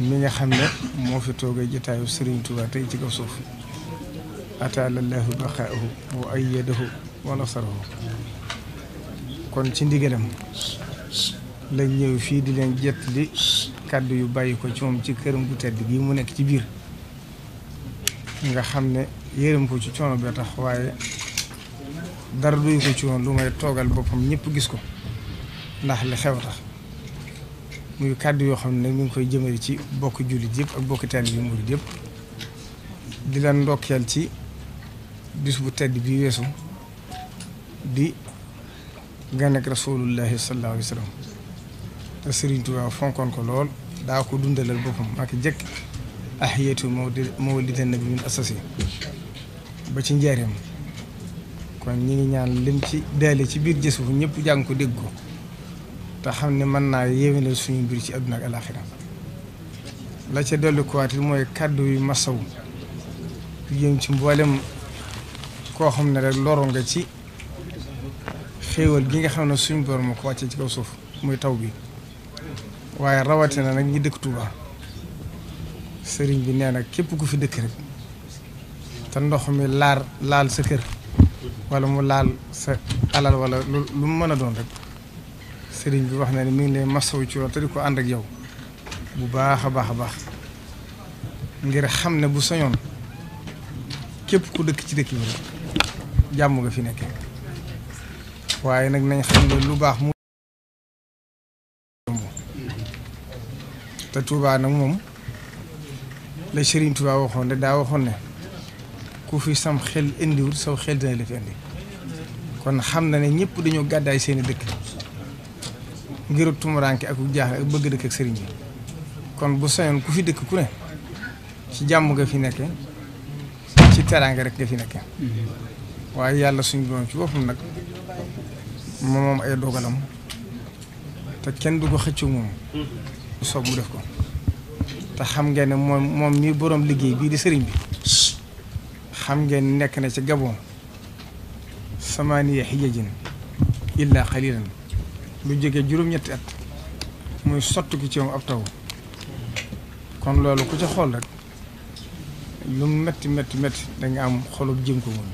mi nga xam ne moo fi toogee jotaayu Serigne Touba tey ci kaw suuf ataala llaahu baqaahu wa ayyadahu wa nasarahu kon ci ndigalam lañ ñëw fii di leen jet li kàddu yu bàyyi ko ci moom ci këram gu tedd bii mu nekk ci biir nga xam ne yërëm ko ci coono bi tax waaye dara duy ko ci woon lu may toogal boppam ñépp gis ko ndax li xew tax muy kàddu yoo xam ne nag ñu ngi koy jëmale ci bokk jullit yëpp ak bokk taalibe yu murit yëpp di leen ndokkeel ci bis bu tedd bi weesu di gan ak rasulullahi sallallahu alayhi fonkoon ko lool daa ko dundalal boppam ak jëkk ahiyatu mawlidi nabi min asasi ba ci njaareem kon ñi ngi ñaan lim ci daale ci biir jës bu ñëpp jàng ko dégg ko te xam ne mën naa yéwénal suñu mbir ci àdduna ak alaaxira la ca dellu kuwaat mooy kàddu yu masaw yu ci mbooleem koo xam ne rek loro nga ci xéewal gi nga xam ne suñu borom moo ko wàccee ci kaw suuf muy taw bi waaye rawatina nag ñi dëkk Touba sëriñ bi nee nag képp ku fi dëkk rek te ndox mi laar laal sa kër wala mu laal sa alal wala lu mu mën a doon rek sëriñ bi wax na ne mi ngi leen masawu ci loolu te di ko ànd ak yow bu baax a baax a baax ngir xam ne bu soñoon képp ku dëkk ci dëkk bi rek jàmm nga fi nekk waaye nag nañ xam ne lu baax mu te Touba nag moom la Serigne Touba waxoon ne daa waxoon ne ku fi sam xel indiwul saw xel dina la indi kon xam na ne ñëpp dañoo gàddaay seeni dëkk ngir tumuraanke ak jaaxle ak bëgg dëkk ak sëriñ bi kon bu sañoon ku fi dëkk ku ne ci jàmm nga fi nekke ci teraanga rek nga fi nekke waaye yàlla suñ borom ci boppam nag moom ay dogalam te kenn du ko xëccu moom soob mu def ko te xam ngeen ne moom moom mii borom liggéey bii di sëriñ bi xam ngeen nekk na ci Gabon samaaniya xijajin illa xalilan lu jege juróom-ñetti at muy sotti ko ci moom ab taw kon loolu ku ca xool rek lu metti metti métti métti danga am xolub jëm ko moom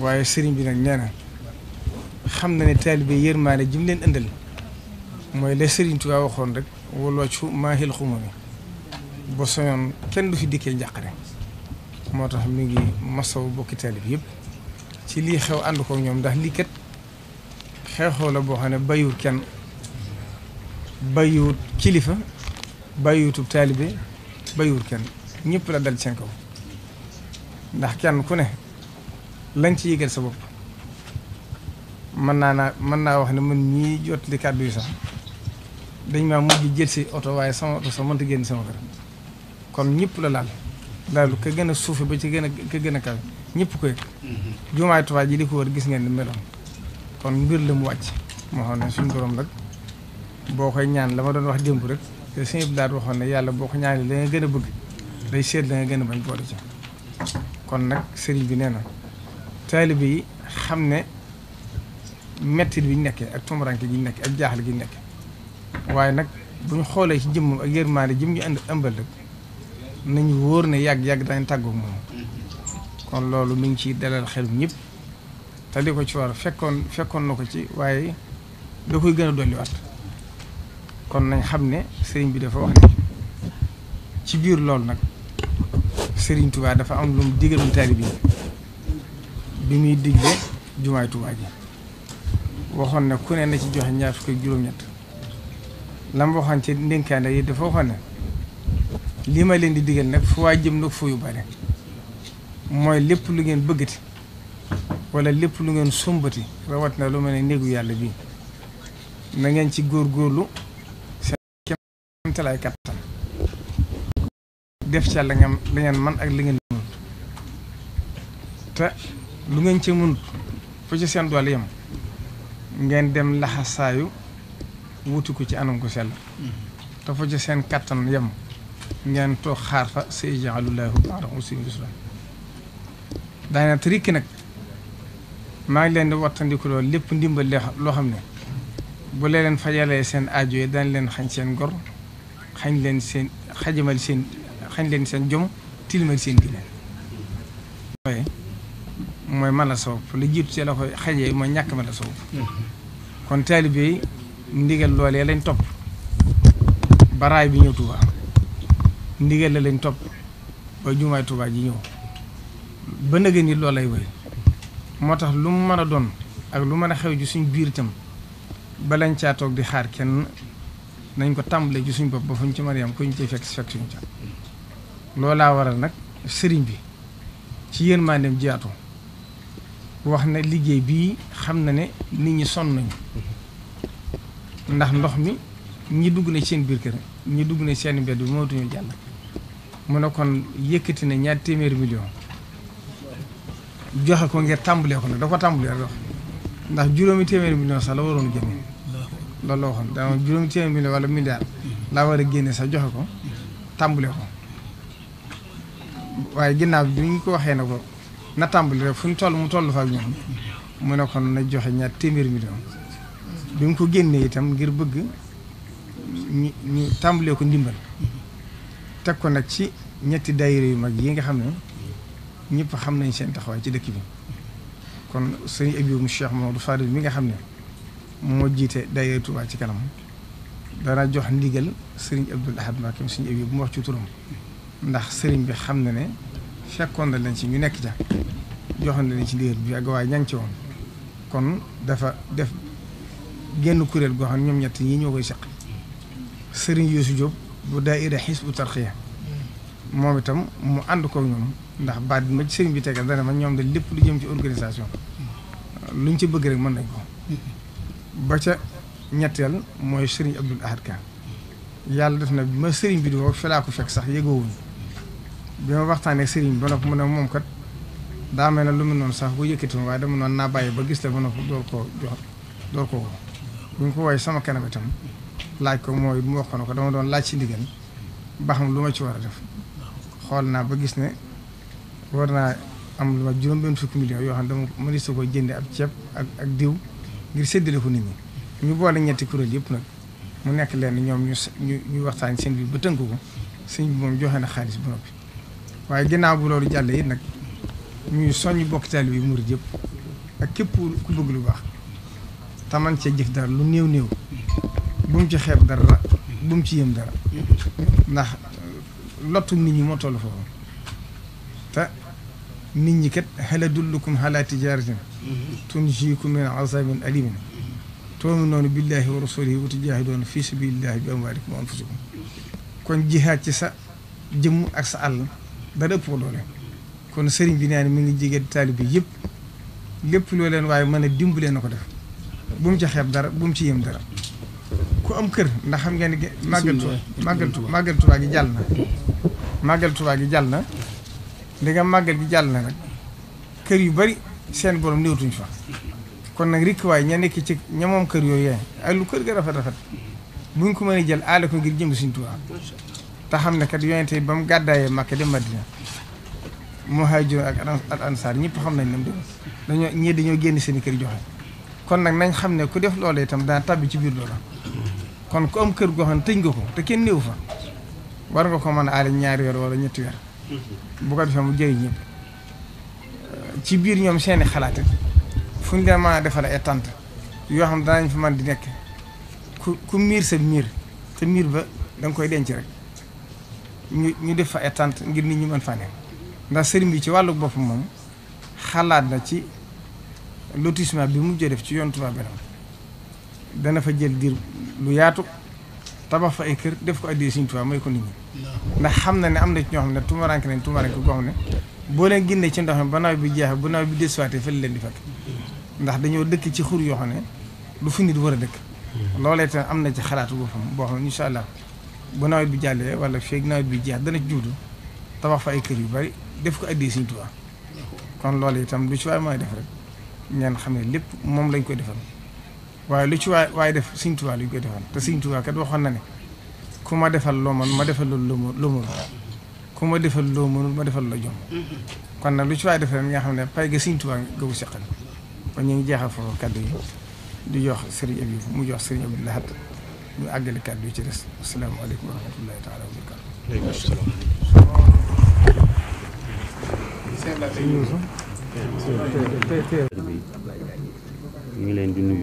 waaye sëriñ bi nag nee xam na ne taalibe yërmaane jëm leen ëndal mooy la sëriñ Tuubaa waxoon rek waloo ci maa xil ni ba kenn du fi dikkee njàqare moo tax mi ngi masaw bokki taalibe yëpp ci lii xew ànd ko ñoom ndax lii kat xeexoo la boo xam ne bayut kenn bayut kilifa bayutub taalibe bayut kenn ñëpp la dal seen kaw ndax kenn ku ne lañ ci yëgal sa bopp mën naa naa mën naa wax ne mën ñii jot li kàddu yi sax dañ maa mujj jël si oto waaye sama oto sax mënta génn sama kër kon ñëpp la laal daal ka gën a suufe ba ci gën a ka gën a kawe ñëpp ko yëg mm-hmm. jumaay Tuubaa ji li ko war gis ngeen ni meloon kon mbir la mu wàcc moo xam ne suñu borom nag boo koy ñaan la ma doon wax démb rek te suñu daal waxoon ne yàlla boo ko ñaanee la nga gën a bëgg lay seet la nga gën a bañ boole ci kon nag sëriñ bi nee na taalibe yi xam ne mettit bi ñu nekkee ak tumuraanke gi ñu nekkee ak jaaxle gi ñu nekkee waaye nag bu ñu xoolee ci jëmmam ak yërmaande jëm ñu ànd ëmbal rek nañu wóor ne yàgg-yàgg daañu tàggu moom kon loolu mu ngi ciy dalal xel ñëpp. te li ko ci war fekkoon fekkoon na ko ci waaye da koy gën a dolliwaat kon nañ xam ne sëriñ bi dafa wax ne ci biir loolu nag sëriñ tubaa dafa am lu mu digaloon taalibe bi bi muy digle jumaay Touba ji waxoon ne ku ne na ci joxe ñaar fukk ak juróom-ñett la ma ci ndénkaane yi dafa waxoon ne lii ma leen di digal nag fu waa jëm nag fu yu bare mooy lépp lu ngeen bëggati wala lépp lu ngeen sumbati rawat na lu mel ne néegu yàlla bi na ngeen ci góorgóorlu seen kéemtalaay def ca la ngeen man ak li ngeen te lu ngeen ci mën fu ci seen doole yem ngeen dem laxasaayu wuti ko ci anam ko sell te fu ci seen kattan yem ngeen toog xaar fa sa ijaalullahu taala usri yusra daana trikk nag maa ngi leen di wattandiku loolu lépp ndimbal loo xam ne bu leen fajalee seen ajo yi dañ leen xañ seen gor xañ leen seen xajamal seen xañ leen seen jom tilimal seen ginnaaw. mooy mala soob lu jiitu ci la koy xajee mooy ñàkk mala soob kon taalibe yi lool loolee lañ topp baraay bi ñëw Tuubaa ndigal la lañ topp ba jumaay Tuubaa ji ñëw ba nëgë ni loolay woy moo tax lu mu mën a doon ak lu mën a xew ji suñ biir itam balañ caa di xaar kenn nañ ko tàmbalee ji suñ bopp ba fuñ ci mën a yem ko ñu cee fekk fekk suñu ca loolaa waral nag sëriñ bi ci yéen maa dem wax ne liggéey bii xam na ne nit ñi sonn nañu ndax ndox mi ñi dugg nañ seen biir kër ñi dugg na seen mbedd bi mootuñu jàll mu ne kon yëkkati na ñaar téeméeri million joxe ko ngir tàmbalee ko nag da ko ndax juróomi téeméeri million sax la waroon génne loolu la waxoon dama juróomi téeméeri million wala milliard laa war a génne sa joxe ko tàmbalee ko waaye ginnaaw bi ñu ko waxee ne ko na tàmbali rek fu ñu toll mu toll fa ak ñoom mu ne kon na joxe ñaar téeméeri million bi mu ko génnee itam ngir bëgg ñi ñi tàmbalee ko ndimbal teg ko nag ci ñetti daayira yu mag yi nga xam ne ñëpp xam nañ seen taxawaay ci dëkk bi kon sëñ Abiou mu du Mamadou Fadil mi nga xam ne moo jiite daayira Touba ci kanam dana jox ndigal sëriñ Abdoul Ahad Mbacké mu wax ci turam ndax sëriñ bi xam na ne fekkoon na leen ci ñu nekk ca joxoon na leen ci ndigal bi ak waaye ña ngi ci woon kon dafa def genn kuréel goo xam ñoom ñett ñi ñoo koy seq sëriñ Youssou Diop bu daayira Hizbut Tarqiyyah moom itam mu ànd koog ñoom ndax baat bi ma ci sëriñ bi tegal dana ma ñoom de lépp lu jëm ci organisation ñu ci bëgg rek mën nañ ko ba ca ñetteel mooy sëriñ Abdul Ahad yàlla def na bi ma sëriñ bi di woo fi laa fekk sax yëgoowuñ bi ma waxtaanee sëriñ bi ba noppi mu ne moom kat daa mel ne lu mu noonu sax bu yëkkati ma waaye dama noon naa bàyyi ba gis la ba ko door koo jox door koo bu ñu ko woowee sama kanam itam laaj ko mooy mu wax ko ne ko dama doon laaj ci ndigal ba xam lu ma ci war a def. xool naa ba gis ne war naa am lu ma juróom-benn fukki millions yoo xam ne dama mënees ko jënde ab ceeb ak ak diw ngir séddale ko nit ñi ñu boole ñetti kuréel yëpp nag mu nekk leen ñoom ñu ñu ñu waxtaan seen biir ba tënk ko sëñ bi moom joxe na xaalis bu noppi waaye ginnaaw bu loolu jàll yi nag ñuy soññ bokk taalibe yi murid yëpp ak képp ku bëgg lu baax taman cee jëf dara lu néew néew bu mu ci xeeb dara bu mu ci yëm dara ndax lottu nit ñi moo toll foofu te nit ñi kat hal adullukum ala tijaratin tunjiikum min azabin alimin tu'minuuna billahi wa rasulihi wa tujaahiduuna fi sabilillahi bi amwaalikum wa anfusikum kon jihaad ci sa jëmm ak sa àll dara ëpp bi naa ne ngi jege taalibe yëpp lépp loo leen waaye mën a dimbalee na ko def bu mu ci xeeb dara bu mu ci yem dara ku am kër ndax xam ngeen ne màggal Tuubaa màggal Tuubaa gi jàll na màggal Tuubaa gi jàll na ndegam màggal gi jàll na nag kër yu bari seen borom néewtuñ fa kon nag rikk waay ña nekk ci ña moom kër yooyu yaay ak lu kër ga rafet rafet buñ ko mënee jël aale ko ngir jëm Sëriñ Tuubaa te xam ne kat yonente ba mu gàddaayee Makka dem Madina muhaajir ak al ansaar ñëpp xam nañ ne dañoo ñii dañoo génn seen kër joxe kon nag nañ xam ne ku def loolee itam daa tabbi ci biir loola kon ku kër goo xam ne tëj nga ko te kenn néew fa. war nga ko mën a aale ñaari weer wala ñetti weer mhm. bu ko defee mu jëriñ ñëpp ci biir ñoom seeni xalaat fu ñu leen a defal ay tànt yoo xam danañ fi man di nekk ku ku miir sa miir te miir ba da koy denc rek ñu ñu def fa ay tànt ngir nit ñi mën faa nekk ndax sëriñ bi ci wàllu boppam moom xalaat na ci lotissement bi mu jël def ci yoon Touba Belel dana fa jël diir lu yaatu. tabax fa ay kër def ko addee Sëriñ Tuubaa mooy ko nit ñi ndax xam na ne am na ci ñoo xam ne tumaranke nañ tumaranke goo xam ne boo leen génnee ci ndox mi ba bi jeex bu nawet bi desuwaatee fa leen di fekk ndax dañoo dëkk ci xur yoo xam ne du fu nit war a dëkk hmm. loolee tam am na ci xalaatu boppam boo xam ne incha allah bu nawet bi jàllee wala feeg nawet bi jeex dana ci jublu tabax fa ay kër yu bari def ko addee Sëriñ Tuubaa hmm. kon loolu itam lu ci waay mooy def rek ñaan xam ne lépp moom lañ koy defal waaye lu ci waay waaye def Sëriñ Tuubaa lu koy defal te Sëriñ Tuubaa kat waxoon na ku ma defal loo mën ma defal loolu loo mënul ku ma defal loo mënul ma defal la jom kon nag lu ci waay defal nga xam ne pay ga Sëriñ Tuubaa gawu seqal kon ñu ngi jeexal foofu kaddu yi di jox Serigne Abib mu jox Serigne Abdou Lahad ñu àggale kaddu yi ci des asalaamaaleykum wa rahmatullahi taala wa barakaatu ñu ngi